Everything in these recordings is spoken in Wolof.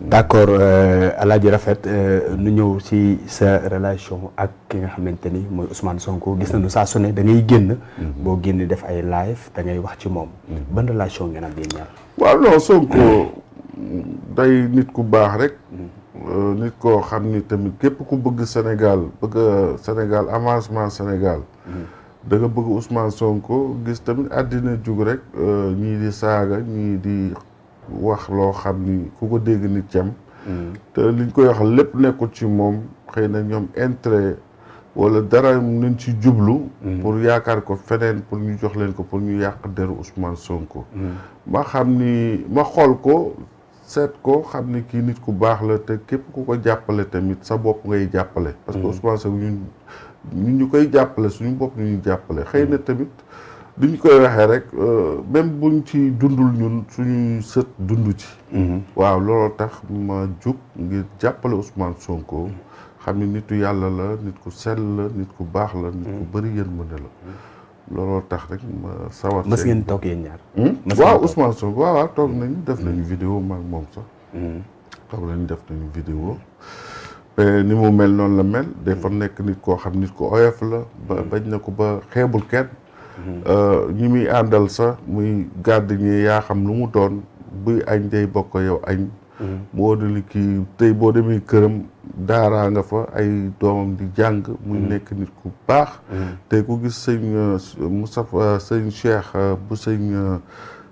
d'accord euh, Alaaji Rafet euh, nu ñëw si sa relation ak ki nga xamante ni mooy Ousmane Sonko gis nañu saa su ne da ngay génn. Mhm. boo génn def ay live da ngay wax ci moom. Mhm. ban relation ngeen am yéen ñaar. waaw non Sonko mhm. day nit ku baax rek. Euh, nit koo xam ni tamit képp ku bëgg Sénégal bëgg Sénégal avancement Sénégal. da bëgg usman Sonko gis tamit àddina jug rek ñii di saaga ñii di. wax loo xam ni ku ko dégg nit cam mm. te liñ koy wax lépp nekkul ci moom xëy na ñoom intérêt wala dara nañ ci jublu mm. pour yaakaar ko feneen pour ñu jox leen ko pour ñu yàq deru Ousmane Sonko mm. ma xam ni ma xool ko seet ko xam ni kii nit ku baax la te képp ku ko jàppale tamit sa bopp ngay jàppale parce que Ousmane Sonko ñun ñu koy jàppale suñu bopp ñu jàppale xëy na tamit li ñu koy waxee rek euh, même buñ ci dundul ñun suñuy sët dund ci mhm. waaw looloo tax ma jóg ngir jàppale Ousmane Sonko xam ni nitu yàlla la nit ku sell la nit ku baax la nit ku mhm. bëri yërmande mhm. looloo tax rek ma sawar mës toog yéen ñaar hmm? waaw Ousmane Sonko toog nañu def nañu vidéo maag moom sax toog nañu def nañu vidéo ni mu mel noonu la mel dafa nekk nit koo xam nit ko oyof la ba bañ na ko ba xeebul kenn Euh, ñi muy àndal sax muy gardien yaa xam lu mu doon buy añ day bokk yow añ boo mm-hmm. dali kii tey boo demee këram daaraa nga fa ay doomam di jàng muy mm-hmm. nekk nit ku baax mm-hmm. te ku gis sëñ euh, Moustapha euh, Cheikh bu sëñ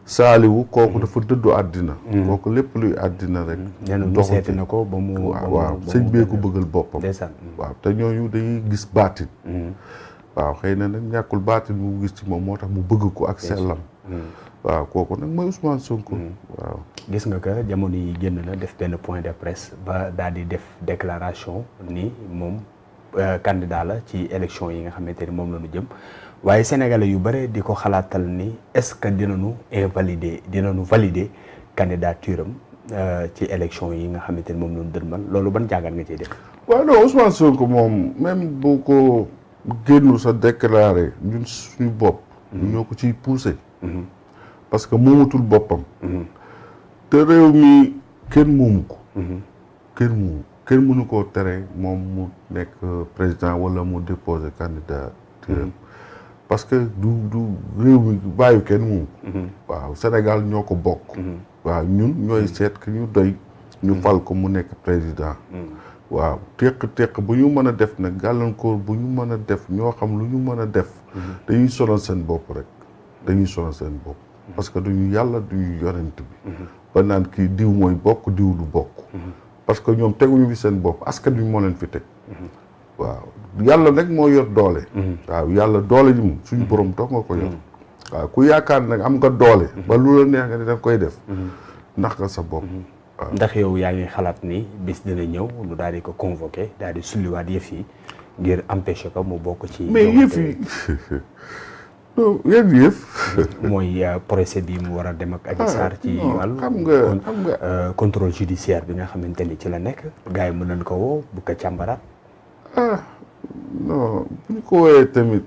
saaliwu kooku dafa dëddu àddina kooku lépp luy àddina rek doxati na ko ba mu waaw sëñ bee bëggal boppam waaw te ñooñu dañuy gis baatin waaw xëy na nag ñàkkul baatin bu gis ci moom moo tax mu bëgg ko ak sellam mm. waaw kooku nag mooy Ousmane Sonko. Mm. gis nga que jamono yi génn na def benn point de presse ba daal di def déclaration ni moom euh, candidat la ci élection yi nga xamante ni moom la ñu jëm waaye sénégalais yu bare di ko xalaatal ni est-ce que dinañu invalider dinañu valider candidature am euh, ci élection yi nga xamante ni moom la ñu dëlmal loolu ban jàngat nga ciy def. bu ko. génnul sa déclaré ñun suñu bopp mhm. ñoo ko ciy poussé mhm. parce que moomatul boppam mhm. te réew mi kenn moomu ko kenn moomu kenn mënu koo tere moom mu nekk euh, président wala mu déposé candidat parce que du du réew mi bàyyi kenn moomu ko waaw Sénégal ñoo ko bokk waaw ñun ñooy seet ki ñu doy ñu fal ko mu nekk président waaw teq-teq bu ñu mën a def nag gàllankoor bu ñu mën a def ñoo xam lu ñu mën a def. Mhm. dañuy solo seen bopp rek. dañuy solo seen bopp. Mhm. parce que duñu yàlla duñu yonent bi. Mhm. ba naan kii diw mooy bokk diw du bokk. parce que ñoom teguñu fi seen bopp askan bi moo leen fi teg. waaw yàlla nag moo yor doole. waaw yàlla doole ji moom suñu borom toog nga ko yor. waaw ku yaakaar nag am nga doole. ba lu la neex nga ne danga koy def. ndax nga sa bopp. ndax yow yaa ngi xalaat ni bis dina ñëw nu daal di ko convoqué daal di sulliwaat yëf yi ngir empêcher ko mu bokk ci. yëf yi non yëf yëf. mooy euh, procès bi mu war a dem ak. Adji ci ah, wàllu xam nga xam nga euh, contrôle judiciaire bi nga xamante ni ci la nekk. gars yi mën nañ ko woo bu ko càmbaraat. ah bu ñu ko woowee tamit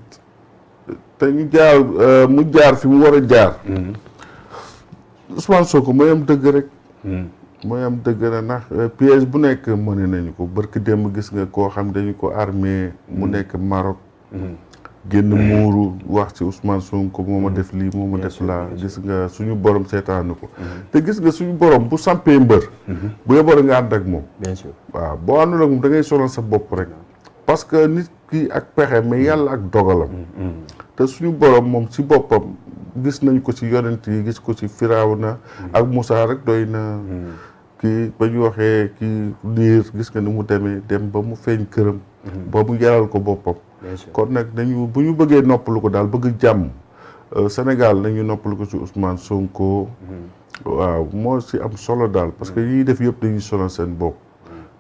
te ñu jaar euh, mu jaar fi mu war a jaar. Mm-hmm. Ousmane Sonko mooy am dëgg rek. Mm-hmm. mooy am dëgg la ndax euh, piège bu nekk mëne nañu ko barki démb gis nga koo xam dañu ko armée mu mm-hmm. nekk Maroc mm-hmm. génn mm-hmm. muuru wax ci Ousmane Sonko moo ma def lii moo ma def laa gis nga suñu borom seetaanu ko te gis nga suñu borom bu sampee mbër bu yeboo nga ànd ak moom bien waaw boo àndul ak moom da ngay sa bopp rek parce que nit ki ak pexe ma yàlla ak dogalam te suñu borom moom si boppam gis nañ ko si yonent yi gis ko ci na ak Moussa rek doy na kii ba ñu waxee kii liir gis nga ni mu demee dem ba mu feeñ këram. Mhm. ba mu yaral ko boppam. kon nag dañu bu ñu bëggee noppalu ko daal bëgg jàmm. Euh, Sénégal nañu noppalu ko ci Ousmane Sonko. Mhm. waaw moo si am solo daal parce que mhm. ñuy def yëpp dañuy solo seen bopp.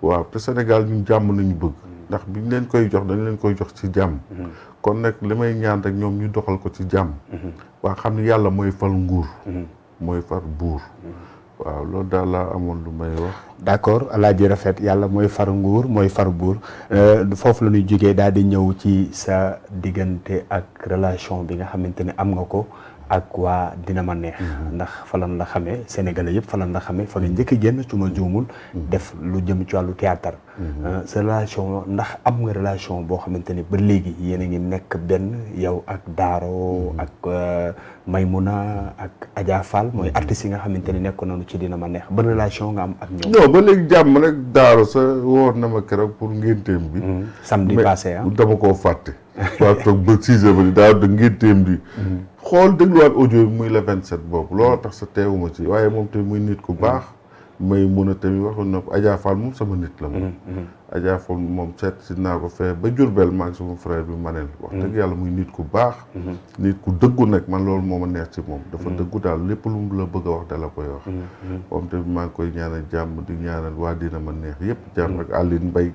waaw te senegal ñun jàmm nañu bëgg. ndax biñ leen koy jox dañ leen koy jox ci jàmm. kon nag li may ñaan rek ñoom ñu doxal ko ci jàmm. waa xam ne yàlla mooy fal nguur. mooy far buur. waaw loolu daal laa amoon lu may wax. d' accord ji rafet yàlla mooy far nguur mooy far buur euh, foofu la ñuy jógee daal di ñëw ci sa diggante ak relation bi nga xamante ne am nga ko. ak waa dina ma neex. Mhm. ndax falan la xamee sénégalais yëpp falan la xamee fa nga njëkk a génn su ma juumul. Mhm. def lu jëm ci wàllu théâtre. Mhm. Euh, sa relation ndax am nga relation boo xamante ni ba léegi yéen a ngi nekk benn yow ak Daaro ak may euh, Maymuna ak Adja Fall mooy artistes yi nga xamante ni nekk nañu ci dina ma neex ban relation nga am ak ñoom. non ba léegi jàmm nag Daaro sa woo na ma keroog pour ngénteem bi. samedi passé ah dama koo fàtte. waaw toog ba six heures ba Daaro da ngénteem xool dégluwaat audio bi muy le 27 boobu looloo tax sa teewuma ci waaye moom te muy nit ku baax. may mun a tamit waxoon na ko Adja Fall moom sama nit la moom mm-hmm, mm-hmm. Adja Fall moom seet si naa ko fee ba Jurbel maag sama frère bi Manel wax dëgg mm-hmm. yàlla muy nit ku baax nit ku dëggu nag man loolu moo ma neex ci moom dafa dëggu daal lépp lu mu la bëgg a wax dala koy wax moom tamit maa ngi koy ñaanal jàmm di ñaanal waa dina ma neex yëpp jàmm ak Aline Mbaye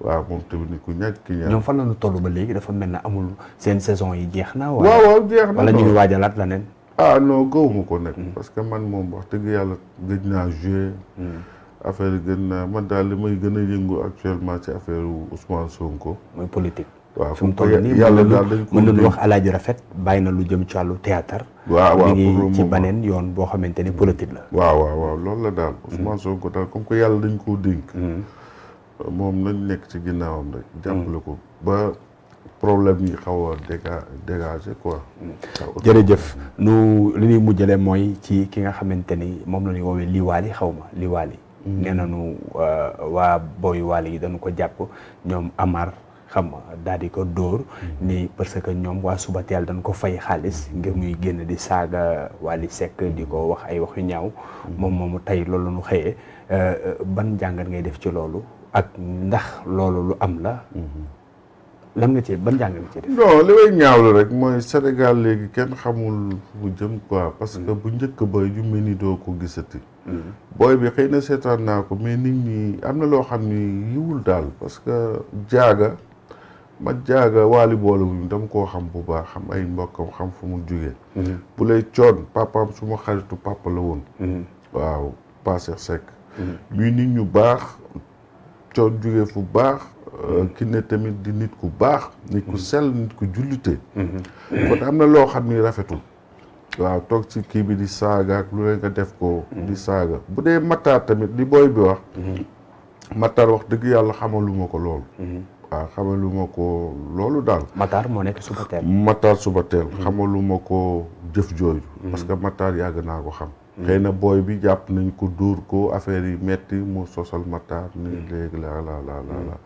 waa moom tamit nit ku ñàkk ki ñoom fan la ñu toll ba léegi dafa mel na amul seen saison yi jeex na waaw waaw jeex na wala ah non gëwuma ko nag. Mm. parce que man moom wax dëgg yàlla gëj naa joué. Mm. affaire gën naa man daal li may gën a yëngu actuellement ci affaire Ousmane Sonko. mooy politique. waaw fi mu toll nii yàlla daal dañ ko mën nañu wax alaaji rafet bàyyi na lu jëm ci wàllu théâtre waaw waaw mi ngi yoon boo xamante ni politique la. waaw waaw waaw loolu la daal. Mm. Ousmane Sonko daal comme que yàlla dañ koo dénk. moom nañ nekk ci ginnaawam rek. jàppale ko problème yi xaw a déga dégagé quoi. Mm. jërëjëf nu li ñuy mujjale mooy ci ki nga xamante ni moom la ñuy woowee liwaali xaw ma liwaali. Mm. nee nañu euh, waa booy waali yi dañu ko jàpp ñoom Amar xam nga daal di ko dóor. Mm. ni parce que ñoom waa suba teel dañ ko fay xaalis ngir muy génn di saaga Wally sekk di ko wax ay wax yu ñaaw. moom moom tey loolu nu xëyee euh, euh, ban jàngat ngay def ci loolu ak ndax loolu lu am la. Mm-hmm. lan nga cee ban jàng nga cee li may ñaawlu rek mooy Sénégal léegi kenn xamul bu jëm quoi parce que bu njëkk ba yu mel ni doo ko gisati. Hmm. booy bi xëy na seetaan naa ko mais nit ñi am na loo xam ni yiwul daal parce que jaaga ma jaaga waali boole wuñu dama koo xam bu baax xam ay mbokkam xam fu mu jugee. Hmm. bu lay coon papaam suma xaritu papa la woon. Hmm. waaw passé sec. muy nit ñu baax coon jugee fu baax. Euh, ki ne tamit di nit ku baax nit ku mhm. sel nit ku jullite mhm. kon am na loo xam ni rafetul waaw toog ci kii bi di saaga ak lu leen nga def ko mhm. di saaga bu dee mattaar tamit di booy bi wax mattaar wax dëgg yàlla xamaluma ko loolu waaw xamaluma ko loolu daal mattaar moo nekk suba teel mattaar suba teel xamaluma ko jëf jooju parce que mattaar yàgg naa ko xam xëy na booy bi jàpp nañ ko dóor ko affaire yi metti mu sosal mattaar ni léegi la la la la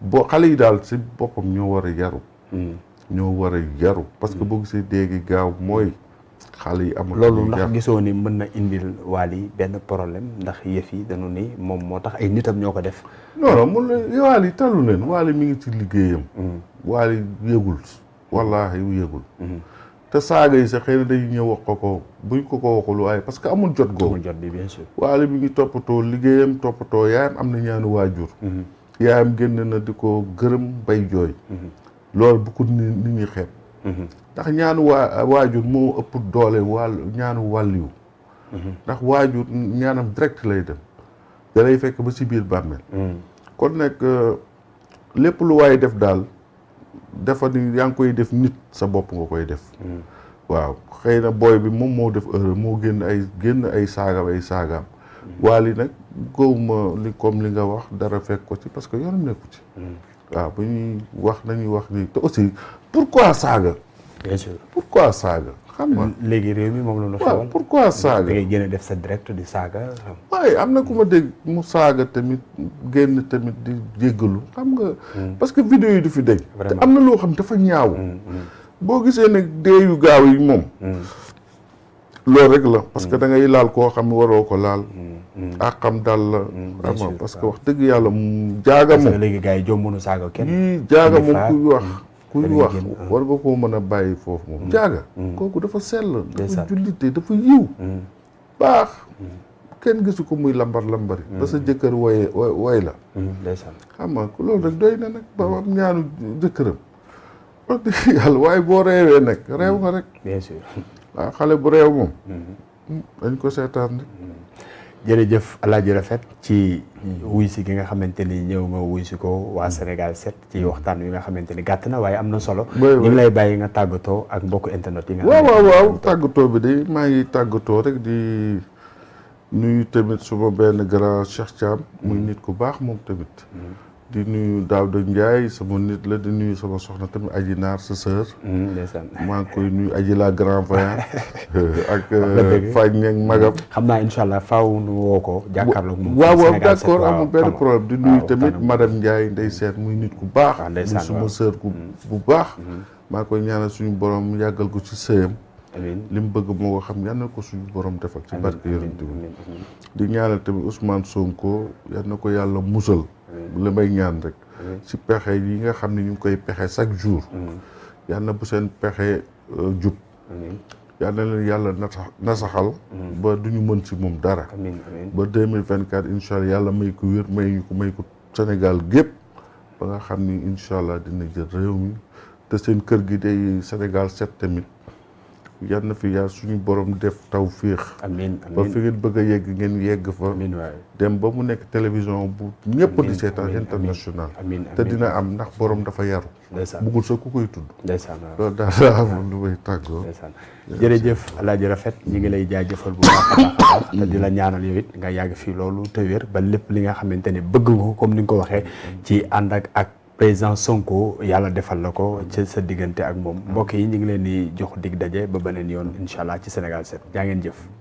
boo xale yi daal si boppam ñoo war a yaru hmm. ñoo war a yaru parce que hmm. boo gisee déegi gaaw mooy xale yi amul loolu ndax gisoo ni mën na indil waal yi benn problème ndax yëf yi dañu nii moom moo tax ay nitam ñoo ko def non mun na waal yi talu leen waal yi mi ngi ci liggéeyam hmm. waal yi yëgul wallaahi yu yëgul te saaga yi sax xëy na dañu ñëw wax ko ko buñ ko ko waxul waaye parce que amul jot googu amul jot bi bien sûr mi ngi toppatoo liggéeyam toppatoo yaayam am na ñaanu waajur yaayam génn na di ko gërëm bay jooy mhm. loolu bu ko nit ñi xeeb mhm. ndax ñaanu waa waajur moo ëpp doole wàll ñaanu wàlliwu mhm. ndax waajur ñaanam direct lay dem da fekk ba si biir bàmmeel kon nag euh, lépp lu waaye def daal dafa ni yaa ngi koy def nit sa bopp nga koy def waaw xëy na booy bi moom moo def erreur moo génn ay génn ay saagam ay saagaam waali nag gëwuma li comme li nga wax dara fekk ko ci parce que yoonam nekku ci hmm. waaw bu ñuy wax nañuy wax ni te aussi pourquoi saaga bien sûr pourquoi saaga xam nga léegi réew mi moom la ñu xewal pourquoi saaga ngay génne def sa direct di saaga waaye am na ku ma dégg mu saaga tamit génn tamit di jéggalu xam nga hmm. parce que vidéo yi du fi deñ te am na loo xam dafa ñaaw hmm, boo gisee nag dee yu gaaw yi moom loolu rek la parce que mm. da ngay laal koo xam waroo ko laal. Mm. Mm. ak xam daal la. parce que wax dëgg yàlla jaaga moom. léegi gars yi jomb na saaga kenn. jaaga moom kuy wax. kuy wax war ah. nga koo mën a bàyyi foofu moom. jaaga. kooku dafa sell. dafa jullite dafa yiw. baax. kenn gisu ko muy lambar lambari. ba sa jëkkër woy woy la. xam nga loolu rek doy na nag ba am ñaanu jëkkëram. wax dëgg yàlla waaye boo reewee nag reew nga rek. waaw ah, xale bu réew moom. Mm-hmm. dañ ko seetaan rek. Mm-hmm. jërëjëf Alaaji Rafet ci wuy si gi nga xamante ni ñëw nga wuy si ko waa Sénégal set ci waxtaan wi nga xamante ni gàtt na waaye am na solo. ñu ngi lay bàyyi nga tàggatoo ak mbokku internet yi nga. waaw waaw waaw tàggatoo bi de maa ngi tàggatoo rek di nuyu tamit suma benn grand Cheikh Thiam. muy mm-hmm. nit ku baax moom tamit. di nuyu daaw Daouda Ndiaye sama nit la di nuyu sama soxna tamit Aji Naar sa sœur. Mm, maa koy nuyu Aji la grand frère. Euh, ak Fagne Ndiaye euh, magam. xam naa incha allah faaw nu woo ko. jàkkaarloog moom waaw waaw d' accord amul benn problème di nuyu tamit madame Ndiaye ndey seet muy nit ku baax. Ah, muy suma sœur mm. bu baax. Mm. maa ngi koy ñaanal suñu borom yàggal ko ci sëyam. li mu bëgg moo ko xam yal na ko suñu borom defal ci barke yonent bi di ñaanal tamit Ousmane Sonko yal na ko yàlla musal bu la may ñaan rek ci pexe yi nga xam ne ñu ngi koy pexe chaque jour yal na bu seen pexe euh, jub yal na leen yàlla nasaxal ba duñu mën ci moom dara ba deux mille vingt quatre incha allah yàlla may ko wér may ñu ko may ko Sénégal gépp ba nga xam ni incha allah dina jël réew mi te seen kër gi day Sénégal set tamit yal na fi yaa suñu boroom def taw féex amiin amiin ba fi ngeen bëgg a yegg ngeen yegg fa dem ba mu nekk télévision bu ñëpp di seetaan international te dina am ndax borom dafa yaru bëggul sa ku koy tudd ndeysaan loolu daal laa amoon lu may tàggoo ndeysaan jërëjëf alaaji rafet ñu ngi lay jëfal bu baax a baax mm. te di ñaanal yow nga yàgg fii loolu te wér ba lépp li nga xamante ne bëgg nga ko comme ni nga ko waxee mm. ci ànd ak ak président Sonko yàlla defal la ko ci sa diggante ak moom mbokk yi ñu ngi leen di jox dig daje ba beneen yoon incha allah ci Sénégal 7 jaa ngeen jëf.